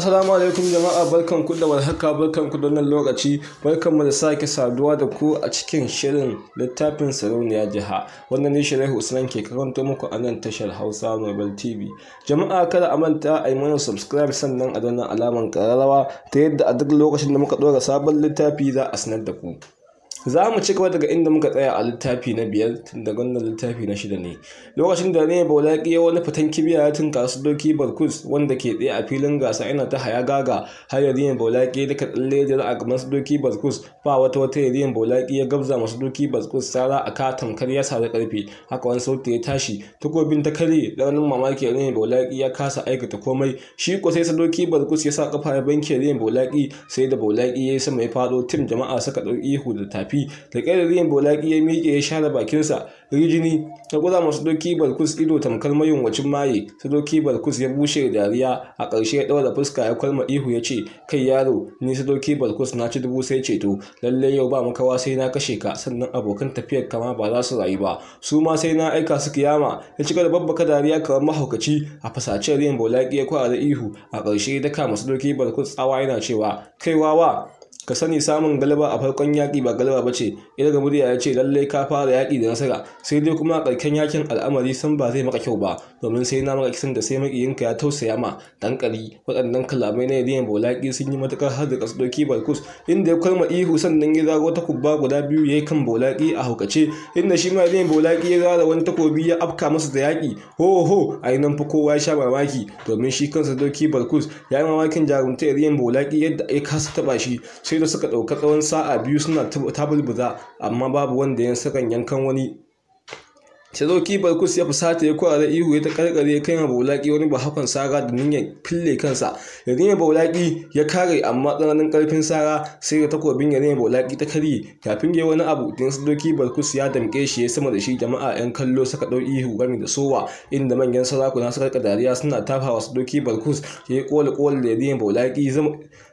Assalamu alaikum jama'a barkan ku da warhaka barkan ku da wannan lokaci barkan mu da sake saduwa da ku a cikin shirin littafin sarauniya jiha wanda ne shirin Usman ke karanto muku a nan tashar Hausa Nobel TV jama'a kada a manta a yi mana subscribe sannan a danna alaman kararrawa ta yadda a duk lokacin da muka dora sabon littafi za a sanar da ku za mu ci gaba daga inda muka tsaya a littafi na biyar tun daga wannan littafi na shida ne lokacin da ne baulaki ya wani fitan kibiya ya tunka su doki barkus wanda ke tsaye a filin gasa yana ta haya gaga har yanzu ne ya da tsalle da a gaban su doki barkus ba wata wata yanzu ne baulaki ya gabza masu doki barkus sara a ka tamkar ya sare karfe haka wani sauti ya tashi takobin ta kare wani mamaki yanzu ne baulaki ya kasa aikata komai shi ko sai sadoki barkus ya sa kafa ya banke yanzu ne sai da baulaki ya yi sama ya faɗo tim jama'a suka ɗauki ihu da tafi tafi da yin bolaki ya miƙe ya share bakinsa rijini ta kura masu doki balkus ido tamkar wacin maye su doki balkus ya bushe dariya a ƙarshe ya ɗaura fuska ya kwalma ihu ya ce kai yaro ni su doki balkus na ci dubu sai ceto Lallai yau ba makawa sai na kashe ka sannan abokan tafiyar kama ba za su rayu ba su ma sai na aika su kiyama ya cika da babbaka dariya kamar mahaukaci a fasacen riyan bolaki ya kwara ihu a ƙarshe ya daka masu doki balkus tsawa yana cewa kai wawa ka sani samun galaba a farkon yaƙi ba galaba ba ce Ina daga murya ya ce lallai ka fara yaƙi da nasara sai dai kuma a ƙarshen yakin al'amari san ba zai maka kyau ba domin sai na maka kisan da sai maƙiyinka ya tausaya ma dan waɗannan kalamai na yadiyan bolaƙi sun yi matuƙar har da kasdoki barkus. inda ya kwalma ihu sannan ya zago ta kubba guda biyu ya yi kan bolaƙi a haukace inda shi ma yadiyan bolaƙi ya zara wani takobi ya afka masa da yaƙi ho ho a yi nan fa kowa ya sha mamaki domin shi kansa doki barkus ya yi mamakin jarumta yadiyan bolaƙi yadda ya kasa taɓa shi sai sai da suka ɗauka tsawon sa'a biyu suna tabulbuza amma babu wanda ya sakan yankan wani Cherokee Barkus ya fusata ya kwarare ihu ya ta karkare ya kai Baulaki wani ba hakan Sara da niyyar fille kansa. Yarima Baulaki ya kare amma tsananin karfin Sara sai da takobin ya Yarima Baulaki ta karye kafin ya wani abu din sadoki Barkus ya damke shi ya sama da shi jama'a yan kallo suka dau ihu gami da sowa inda manyan sarakuna suka rika dariya suna tafawa Cherokee Barkus ya yi kola kola da Yarima Baulaki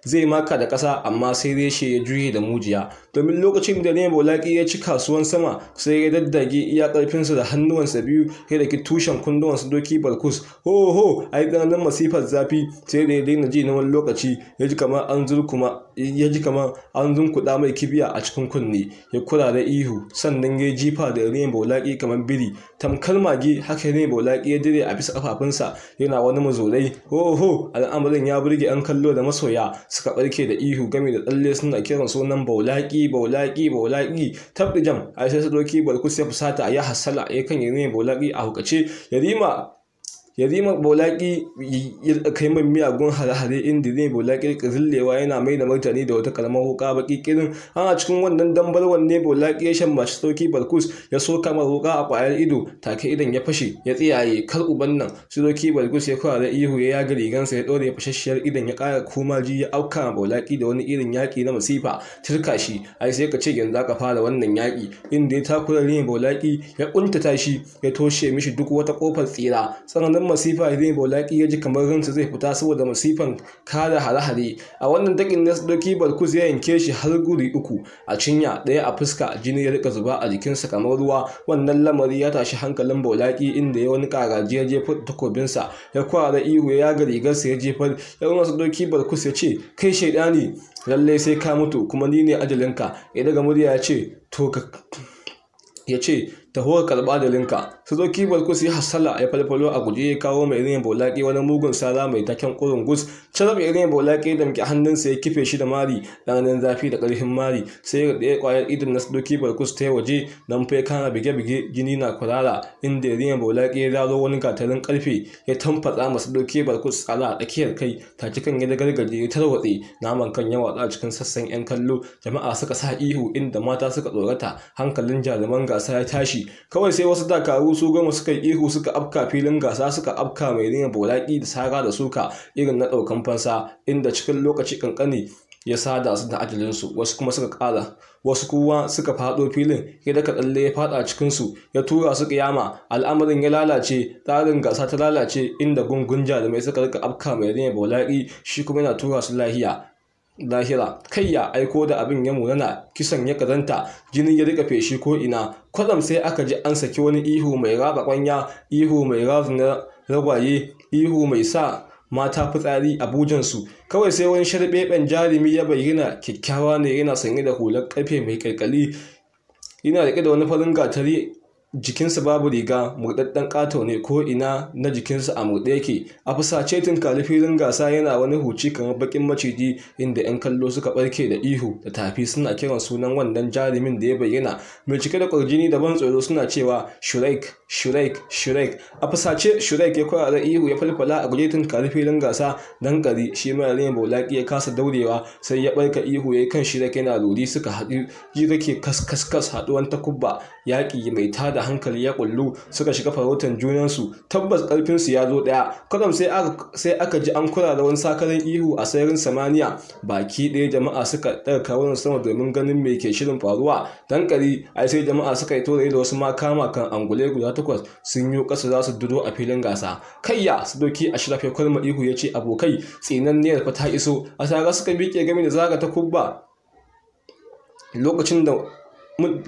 zai maka da kasa amma sai shi ya juye da mujiya domin lokacin da Yarima Baulaki ya ci kasuwan sama sai ya daddage iya karfinsa da hannuwansa biyu ya daki tushen kunduwansa doki balkus ho ho ai tsananin masifar zafi sai da ya daina ji na wani lokaci ya ji kamar an zurkuma ya kamar an mai kibiya a cikin kunne ya kula da ihu sannan ya jifa da rain bolaki kamar biri tamkar mage haka rainbow bolaki ya dire a bisa kafafunsa yana wani mazorai ho ho al'amarin ya burge an kallo da masoya suka barke da ihu game da tsalle suna kiran sunan bolaki bolaki bolaki tabdijan ai sai su doki balkus ya fusata ya hasala एक ही बोला कि आहुक कछे यदि मा yarima bolaki ya kai min miyagun hare-hare inda zai bolaki ka zillewa yana mai da martani da wata karamar hoka baki kirin ana cikin wannan dambar wanne bolaki ya shan mashi sauki barkus ya so kamar roka a kwayar ido take idan ya fashe ya tsiyaye kar uban nan sudoki barkus ya da ihu ya yaga rigansa ya ɗore fashasshiyar idan ya ƙara ji ya auka bolaki da wani irin yaƙi na masifa turka shi ai sai ka ce yanzu ka fara wannan yaƙi inda ya takura ne bolaki ya ƙuntata shi ya toshe mishi duk wata kofar tsira tsananin masifa zai bolaki ya ji kamar ransa zai fita saboda masifan kada hare-hare a wannan dakin na doki barkus ya yanke shi har guri uku a cinya daya a fuska jini ya rika zuba a jikinsa kamar ruwa wannan lamari ya tashi hankalin bolaki inda ya wani karaji ya jefa takobinsa ya kwara ihu ya yaga rigarsa ya jefar ya wani doki barkus ya ce kai shaidani lallai sai ka mutu kuma ni ne ajalinka ya daga murya ya ce to ya ce taho ka karba da linka ku su ya hasala ya falfalo a guje ya kawo mai irin bolaki wani mugun sara mai taken ƙurin gus carab irin bolaki da muke hannunsa ya kife shi da mari ranar zafi da ƙarfin mari sai ya ɗaya ƙwayar idon na ku su ta yi waje don fai kana bige-bige jini na kurara inda irin bolaki ya zaro wani gatarin ƙarfe ya tamfatsa ma ku su tsara a tsakiyar kai ta kan ya gargaje ya tarwatse naman kan yawa a cikin sassan 'yan kallo jama'a suka sa ihu inda mata suka tsorata hankalin jaruman gasa ya tashi kawai sai wasu dakaru su goma suka yi ihu suka afka filin gasa suka afka mai rinya bolaki da sara da suka irin na ɗaukan fansa inda cikin lokaci kankani ya sada su da ajalinsu wasu kuma suka ƙara wasu kuwa suka fado filin ya daga tsalle ya fada cikinsu ya tura su kiyama al'amarin ya lalace tsarin gasa ta lalace inda gungun jarumai suka rika afka mai rinya bolaki shi kuma yana tura su lahiya lahira kai ya aiko da abin ya munana kisan ya kazanta jini ya rika feshi ko ina kwadam sai aka ji an saki wani ihu mai raba kwanya ihu mai na ragwaye ihu mai sa mata fitsari a bujansu kawai sai wani sharbeben jarumi ya bayyana kyakkyawa ne yana sanye da hular karfe mai kalkali yana rike da wani farin gatari jikinsa babu riga murɗaɗɗen ƙato ne ko ina na jikinsa a murɗe yake a fusace tunkari filin gasa yana wani huci kamar bakin maciji inda 'yan kallo suka barke da ihu da tafi suna kiran sunan wannan jarumin da ya bayyana mai cike da ƙwarjini da ban tsoro suna cewa shurek shurek shurek a fusace shurek ya da ihu ya falfala a guje tunkari filin gasa dan gari shi mai rin bolaki ya kasa daurewa sai ya barka ihu ya yi kan shirek yana ruri suka haɗu jirage ke kas haɗuwan takubba yaƙi mai tada hankali ya kullu suka shiga farautar junansu tabbas ƙarfinsu ya zo ɗaya kwadam sai aka ji an kula da wani sakarin ihu a sayarin samaniya baki ɗaya jama'a suka ɗaga kawunan sama domin ganin me ke shirin faruwa dan ai sai jama'a suka yi toraye da wasu makama kan angule guda takwas sun yi ƙasa za su dudo a filin gasa kayya su doki a shirafe kwalma ihu ya ce abokai tsinanniyar fa ta iso a tare suka miƙe game da zaga ta kubba lokacin da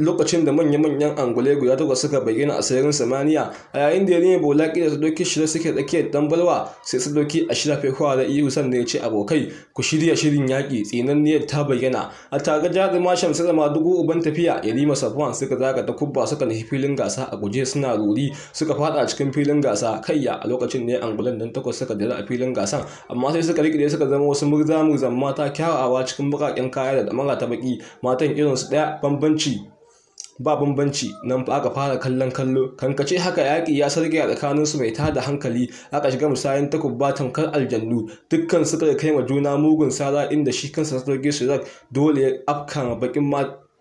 lokacin da manya-manyan angulai guda takwas suka bayyana a sararin samaniya a yayin da ya nemi bola ƙila sadoki shirya suke tsakiyar dambalwa sai sadoki a shirya fai da iya ihu sannan ya ce abokai ku shirya shirin yaƙi tsinanniyar ta bayyana a tare jaruma shamsu zama dubu uban tafiya yarima safwan suka zaga ta kubba suka nufi filin gasa a guje suna ruri suka fada cikin filin gasa kayya a lokacin ne angulan nan takwas suka dira a filin gasan amma sai suka rikide suka zama wasu murza murzan mata kyawawa cikin bukakin kaya da damara ta baki matan irinsu ɗaya bambanci ba bambanci nan fa aka fara kallon kallo kankace haka yaƙi ya sarge a su mai tada hankali aka shiga musayin takubba tamkar aljannu dukkan suka kai ma juna mugun sara inda shi kansa sarge shirak dole ya afka bakin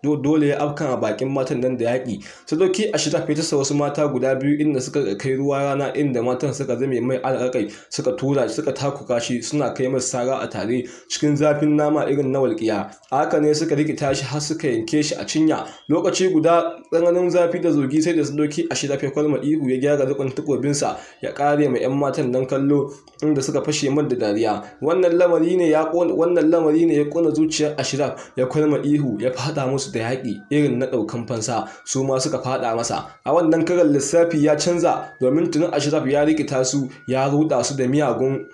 dole ya afkan a bakin matan nan da yaƙi sadauki a shi ta wasu mata guda biyu inda suka kai ruwa rana inda matan suka zame mai alaƙaƙai suka tura suka takuka shi suna kai masa sara a tare cikin zafin nama irin na walƙiya haka ne suka rikita shi har suka yanke shi a cinya lokaci guda tsananin zafi da zogi sai da sadauki a shi kwalma ihu ya gyara rikon takobinsa ya kare ma 'yan matan nan kallo inda suka fashe mar da dariya wannan lamari ne ya ƙona zuciyar ashiraf ya kwalma ihu ya fada musu su da yaƙi irin na ɗaukan fansa su ma suka faɗa masa a wannan karan lissafi ya canza domin tunin ashraf ya rikita su ya ruɗa su da miyagun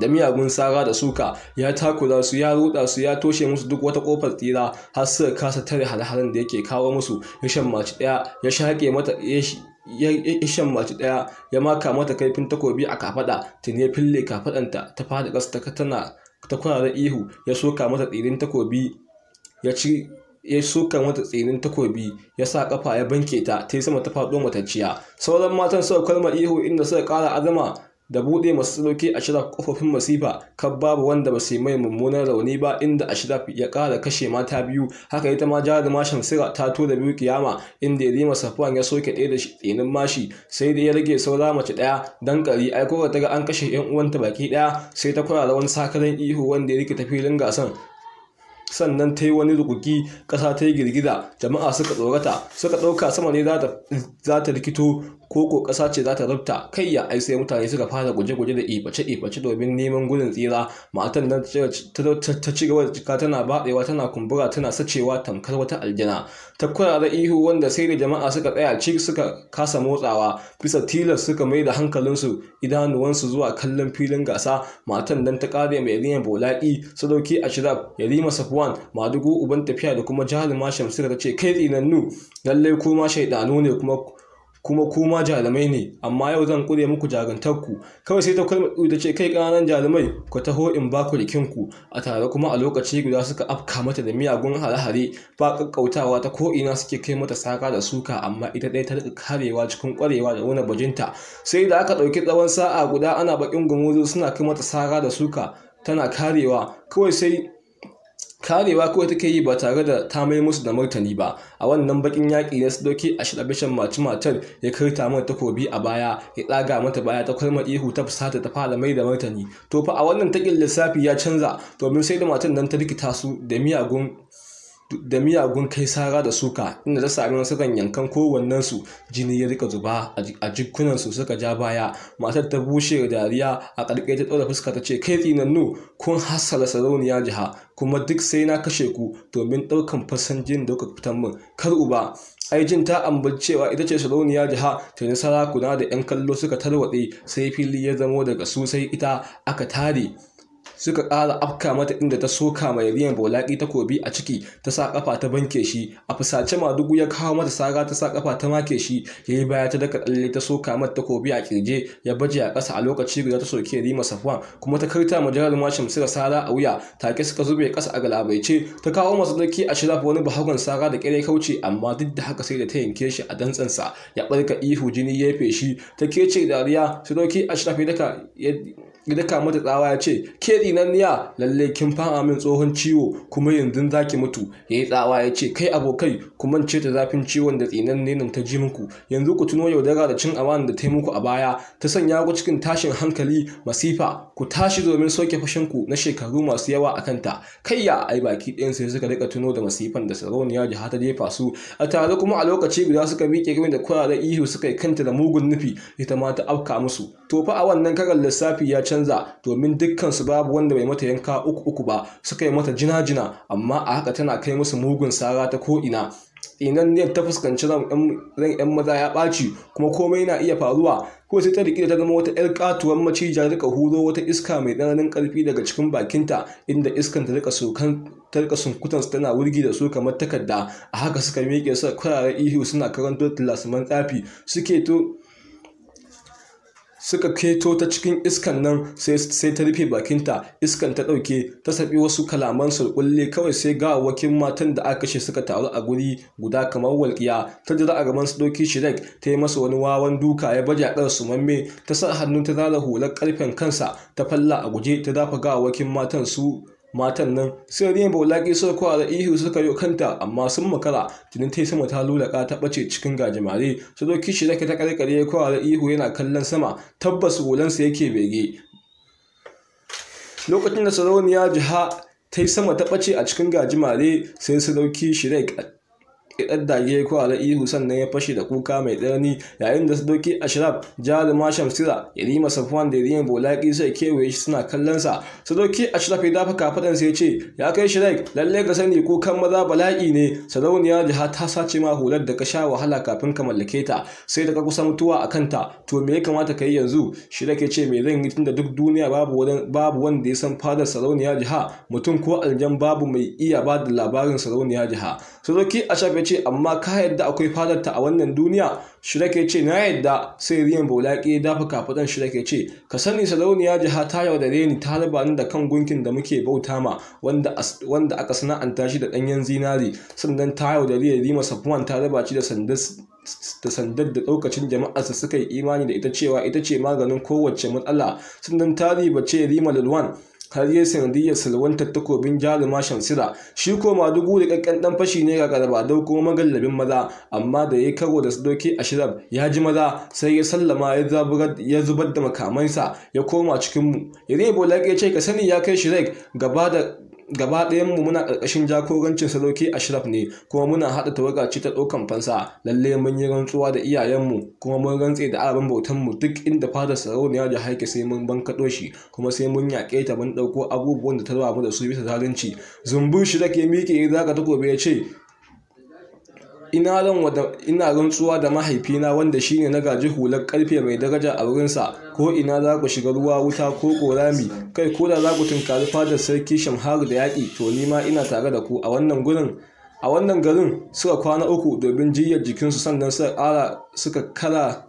da miyagun tsara da suka ya takura su ya ruɗa su ya toshe musu duk wata ƙofar tsira har suka kasa tare halharin da yake kawo musu ya shammaci ɗaya ya ya maka mata kaifin takobi a kafaɗa. tuni ya fille kafadanta ta fada ƙasa ta tana ihu ya soka mata tsirin takobi ya ya suka mata tsinin takobi ya sa kafa ya banke ta ta yi sama ta faɗo matacciya sauran matan suka kalma ihu inda suka kara azama da buɗe masu tsaloki a shirar kofofin masifa kan babu wanda ba su mai mummunan rauni ba inda a shirar ya kara kashe mata biyu haka ita ma jihar mashin sira ta tura biyu kiyama inda rima safuwan ya soke ɗaya da tsinin mashi sai dai ya rage saura mace ɗaya dan ƙari ai kowa ta ga an kashe yan uwanta baki ɗaya sai ta da wani sakaran ihu wanda ya rikita filin gasan sannan ta yi wani rukuki ƙasa ta yi girgiza jama'a suka tsorata suka ɗauka sama ne za ta rikito ko ko ƙasa ce za ta rubta kai ya ai sai mutane suka fara guje-guje da ibace-ibace domin neman gudun tsira matan nan ta ci gaba da cika tana baɗewa tana kumbura tana sacewa tamkar wata aljana ta kurara ihu wanda sai da jama'a suka tsaya ci suka kasa motsawa bisa tilas suka mai da hankalinsu idanuwansu zuwa kallon filin gasa matan nan ta kare mai riyan bola'i dauki a shirab yarima safwan madugu uban tafiya da kuma jaruma Mashin, ta ce kai tsinannu lallai kuma shaidanu ne kuma kuma kuma jarumai ne amma yau zan kure muku jagantarku kawai sai ta kurmuɗu ta ce kai ƙananan jarumai ku taho in ba ku rikinku a tare kuma a lokaci guda suka afka mata da miyagun hare-hare ba ƙaƙƙautawa ta ko'ina suke kai mata saka da suka amma ita ɗaya ta riƙa karewa cikin ƙwarewa da wani bajinta sai da aka ɗauki tsawon sa'a guda ana baƙin gumuzu suna kai mata saka da suka tana karewa kawai sai karewa kawai take yi ba tare da ta mai musu da martani ba a wannan bakin yaƙi na su a shirabishin mace matar ya karta mata takobi a baya ya tsaga mata baya ta kwalma ihu ta fusata ta fara mai da martani to fa a wannan takin lissafi ya canza domin sai da matan nan ta rikita su da miyagun da miyagun kai sara da suka inda ta sami wasu yankan su jini ya rika zuba a jikunansu suka ja baya matar ta bushe da dariya a ƙarƙe ta ɗora fuska ta ce kai tsinannu kun hassala sarauniya jiha kuma duk sai na kashe ku domin ɗaukan fasan jin da kuka fitan min kar uba ai jin ta ambacewa ita ce sarauniya jiha ta nasara kuna da 'yan kallo suka tarwaɗe sai fili ya zamo daga su sai ita aka tare suka ƙara afka mata inda ta soka mai riyan bolaki kobi a ciki ta sa kafa ta banke shi a fusace madugu ya kawo mata saga ta sa kafa ta make shi ya yi baya ta daka tsalle ta soka mata kobi a kirje ya baje a ƙasa a lokaci guda ta soke rima safwan kuma ta karta ma jihar mashin sira sara a wuya take suka zube ƙasa a galabaice ta kawo masu doki a shirafa wani bahagon saga da ƙere kauce amma duk da haka sai da ta yanke shi a dantsansa ya ɓarka ihu jini ya feshi ta kece dariya su doki a shirafa ya ya daka mata tsawa ya ce ke tsinanniya lalle kin fama min tsohon ciwo kuma yanzu zaki mutu ya yi tsawa ya ce kai abokai ku mance ta zafin ciwon da tsinanni nan ta ji muku yanzu ku tuno yaudara da cin amana da ta muku a baya ta sanya ku cikin tashin hankali masifa ku tashi domin soke ku na shekaru masu yawa a kanta kai ya ai baki ɗayan sai suka rika tuno da masifan da sarauniya jiha ta jefa su a tare kuma a lokaci guda suka miƙe game da kwararren ihu suka yi kanta da mugun nufi ita ma ta afka musu to fa a wannan karan lissafi ya canza domin dukkansu babu wanda bai mata yanka uku uku ba suka yi mata jina-jina amma a haka tana kai musu mugun sara ta ko'ina inan ne ta fuskanci ran yan maza ya ɓaci kuma komai na iya faruwa ko sai ta rikida ta zama wata yar katuwar macija rika huro wata iska mai tsananin karfi daga cikin bakinta inda iskan ta rika sokan ta rika sunkutan tana wurgi da su kamar takarda a haka suka miƙe suka kwarara ihu suna karanto tilasman tsafi suke to suka keto ta cikin iskan nan sai ta rufe bakinta iskan ta ɗauke ta saɓi wasu kalaman sulƙulle kawai sai wakin matan da aka kashe suka taru a guri guda kamar walƙiya ta jira a gaban su ɗauki shirek ta yi masa wani wawan duka ya baje a su mamme ta sa hannu ta zara hular ƙarfen kansa ta falla a guje ta dafa wakin matan su matan nan sai riyan baulaki suka kwara ihu suka yi kanta amma sun makara tunin ta sama ta lulaka ta bace cikin gajimare su zo kishi zaka ta karkare ya kwara ihu yana kallon sama tabbas hulansa yake bege lokacin da sarauniya jiha ta yi sama ta bace a cikin gajimare sai su dauki shirek ya daddage ko ala ihu sannan ya fashe da kuka mai tsanani yayin da doki ashraf jaruma shamsira yarima safwan da yarima bolaki sai kewaye shi suna kallon sa a ashraf ya dafa kafaɗan sai ya ce ya kai shirek lalle ka sani kukan maza bala'i ne sarauniya jiha ta sace ma hular da ka sha wahala kafin ka mallake ta sai da ka kusa mutuwa a kanta to me ya kamata ka yi yanzu shirek ya ce me zan yi tunda duk duniya babu wanda ya san fadar sarauniya jiha mutum ko aljan babu mai iya ba da labarin sarauniya jiha sadoki ashraf ce amma ka yadda akwai fadarta a wannan duniya shirake ce na yadda sai riyan bolaki ya dafa kafadan shirake ce ka sani sarauniya jiha ta yaudare ni ta raba ni da kan gunkin da muke bauta ma wanda aka sana'anta shi da ɗanyen zinari sannan ta yaudare ya rima safuwan ta raba ci da sandar da sandar jama'ar sa suka yi imani da ita cewa ita ce maganin kowace matsala sannan ta riba ce rima lalwan har yi sanadiyar salwantar takobin jaruma shamsira shi ko madugu da kankan dan fashi ne ga karaba dau kuma magallabin maza amma da ya karo da a ashirab ya ji maza sai ya sallama ya ya zubar da makamansa ya koma cikin mu ya rebo ce ka sani ya kai shirek gaba da gaba mu muna ƙarƙashin jagorancin sadauki ashraf ne kuma muna haɗa tawaga ce ta ɗaukan fansa lalle mun yi rantsuwa da iyayenmu kuma mun rantse da bautan mu duk inda fadar sarauniya ya haike sai mun bankaɗo shi kuma sai mun yaƙe ta mun ɗauko abubuwan da ta raba mu da su bisa zalunci zumbu shi ya ke miƙe ya zaga takobi ya ce Ina rantsuwa da mahaifina wanda shine na gaji hular karfe mai daraja a wurinsa, ina za ku shiga ruwa, wuta ko ƙorami, kai ko da za ku tunkari fadar sarki Shamharu da yaƙi, to ni ma ina tare da ku a wannan garin suka kwana uku domin jiyyar jikinsu sannan suka kara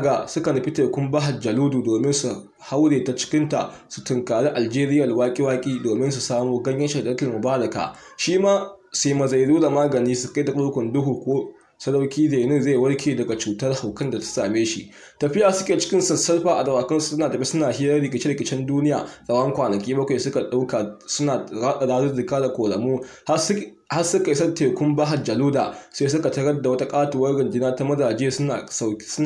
ga suka nufi tekun Bahar Jaludu domin su haure ta cikinta su tunkari Aljeriyar waƙi waki domin su samo ganyen Shaidatul Mubaraka. Shi ma sai mazaidu da magani su kai da kurkun duhu ko sadauki da yanin zai warke daga cutar haukan da ta same shi tafiya suke cikin sassarfa a dawakan suna tafi suna hirar rikice-rikicen duniya tsawon kwanaki bakwai suka ɗauka suna raɗa da koramu har har suka isa tekun bahar jaluda sai suka tarar da wata katuwar rundunar ta mazaje suna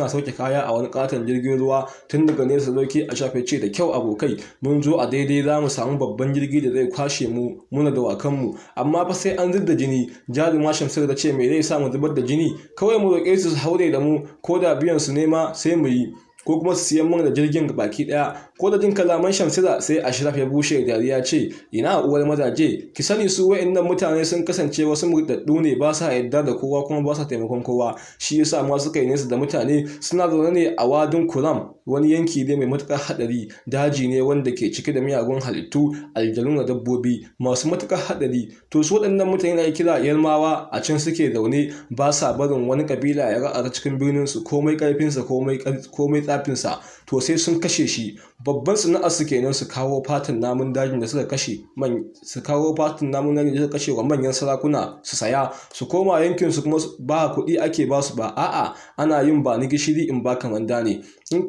sauke kaya a wani katon jirgin ruwa tun daga nesa dauki a shafe ce da kyau abokai mun zo a daidai za mu samu babban jirgi da zai kwashe mu muna da wakan mu amma fa sai an da jini mashin shamsir da ce me zai sa mu zubar da jini kawai mu roƙe su su haure da mu ko da biyan su nema sai mu yi ko kuma su siyan mun da jirgin baki daya ko da jin kalaman shamsira sai ashraf ya bushe dariya ce ina uwar mazaje ki sani su wa'annan mutane sun kasance wasu murdaddu ne ba sa yarda da kowa kuma ba sa taimakon kowa shi yasa ma suka yi nesa da mutane suna zaune ne a wadin kuram wani yanki ne mai matukar hadari daji ne wanda ke cike da miyagun halittu aljanu da dabbobi masu matukar hadari to su waɗannan mutane da kira yarmawa a can suke zaune ba sa barin wani kabila ya ra'a'ra cikin birnin su komai karfinsa sa komai komai littafinsa to sai sun kashe shi babban sana'ar su kenan su kawo fatan namun dajin da suka kashe man su kawo fatan namun dajin da suka kashe wa manyan sarakuna su saya su koma yankin su kuma ba kuɗi ake ba su ba a'a ana yin ba ni gishiri in ba kamanda ne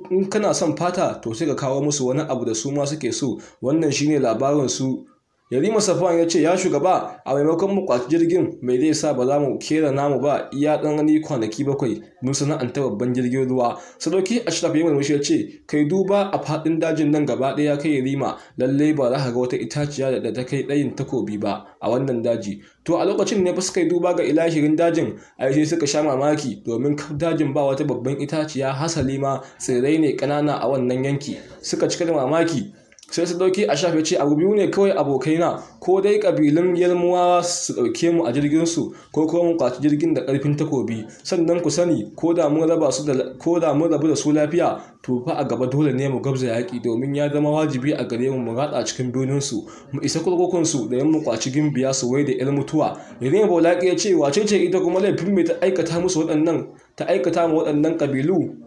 in kana son fata to sai ka kawo musu wani abu da su ma suke so wannan shine labarin su yarima safwan ya ce ya shugaba a maimakon mu kwaci jirgin mai zai sa ba za mu kera namu ba iya dan ni kwanaki bakwai mun sana'anta babban jirgin ruwa sadauki a ya murmushi ya ce kai duba a fadin dajin nan gaba daya kai yarima lallai ba za ka ga wata itaciya da ta kai ɗayin takobi ba a wannan daji to a lokacin ne ba suka yi duba ga ilahirin dajin a sai suka sha mamaki domin dajin ba wata babban itaciya hasali ma tsirrai ne kanana a wannan yanki suka cika da mamaki sai su dauki a shafe ce abu biyu ne kawai abokaina ko dai kabilun yalmuwa su dauke mu a jirgin su ko kuma mu kwaci jirgin da karfin takobi sannan ku sani ko da mun raba su da rabu da su lafiya to fa a gaba dole ne mu gabza yaki domin ya zama wajibi a gare mu mu rada cikin birnin su mu isa kurkukun su da mu kwaci gimbiya su wai da yar mutuwa yare bolaki ya ce wace ce ita kuma laifin mai ta aikata musu waɗannan ta aikata ma waɗannan kabilu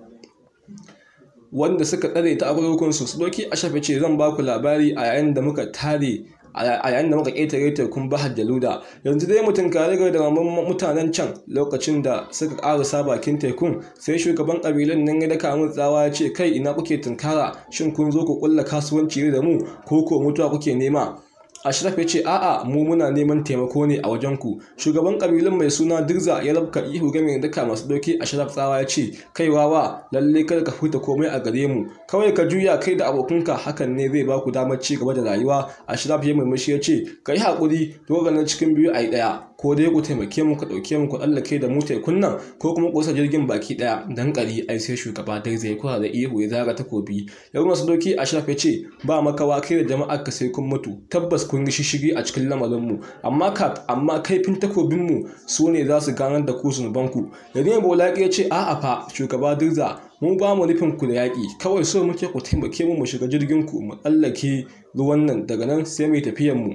wanda suka tsare ta abubuwan su su doki a shafe ce zan baku labari a yayin da muka tare a yayin da muka tekun bahar jaluda yanzu dai mutum kare da mamman mutanen can lokacin da suka sa bakin tekun sai shugaban ƙabilun nan ya daka mun tsawa ya ce kai ina kuke tunkara shin kun zo ku kulla kasuwanci da mu ko ko mutuwa kuke nema Ashraf ya ce a'a mu muna neman taimako ne a wajen ku Shugaban kabilun mai suna Dirza ya rabka ihu game da duka masu doki Ashraf tsawa ya ce kai wawa lalle kada ka fita komai a gare mu. Kawai ka juya kai da abokanka hakan ne zai baku damar ci gaba da rayuwa. Ashraf ya murmushi ya ce kai hakuri dole na cikin biyu a yi daya. ko dai ku taimake mu ku ɗauke mu ku tsallake da mu tekun nan ko kuma ƙosa jirgin baki ɗaya dan ƙari ai sai shugaba dai zai kura da ihu ya zaga takobi ya masu doki a shafe ce ba makawa kai da jama'a ka sai kun mutu tabbas kun yi shishigi a cikin lamarin mu amma kaf amma kaifin takobin mu su ne za su ganar da ku zunuban ku yadda bolaki ya ce a'a fa shugaba dirza mu ba mu nufin ku da yaƙi kawai so muke ku taimake mu mu shiga jirgin ku mu tsallake ruwan nan daga nan sai mu tafiyan mu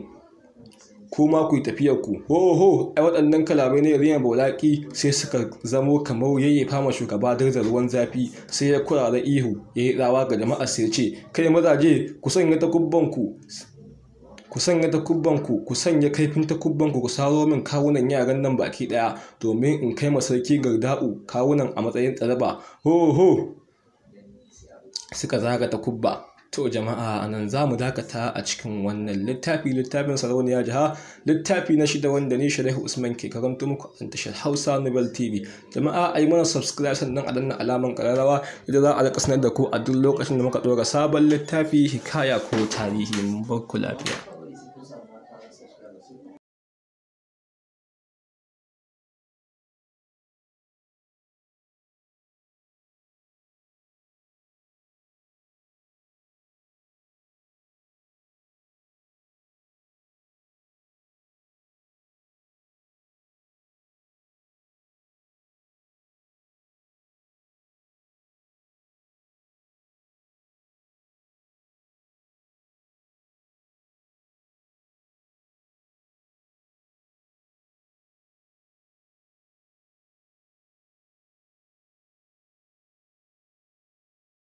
ma ku yi tafiyar ku ho ho ai waɗannan kalamai ne riyan bolaki sai suka zamo kamar yayye fama shugaba da ruwan zafi sai ya da ihu ya yi tsawa ga jama'a sai ce kai mazaje ku sanya takubban ku ku sanya takubbanku ku ku sanya kaifin takubbanku ku saro min kawunan yaran nan baki daya domin in kai masarki garda'u kawunan a matsayin tsaraba ho ho suka zaga takubba To jama'a anan za mu dakata a cikin wannan littafi littafin sarauniya jiha littafi na shida wanda ne shirai Usman ke karanto muku a tashar Hausa Nobel TV. Jama'a a yi mana subscribe sannan a danna alaman kararrawa yadda za a rika sanar da ku a duk lokacin da muka ɗora sabon littafi hikaya ko tarihi mun bar ku lafiya.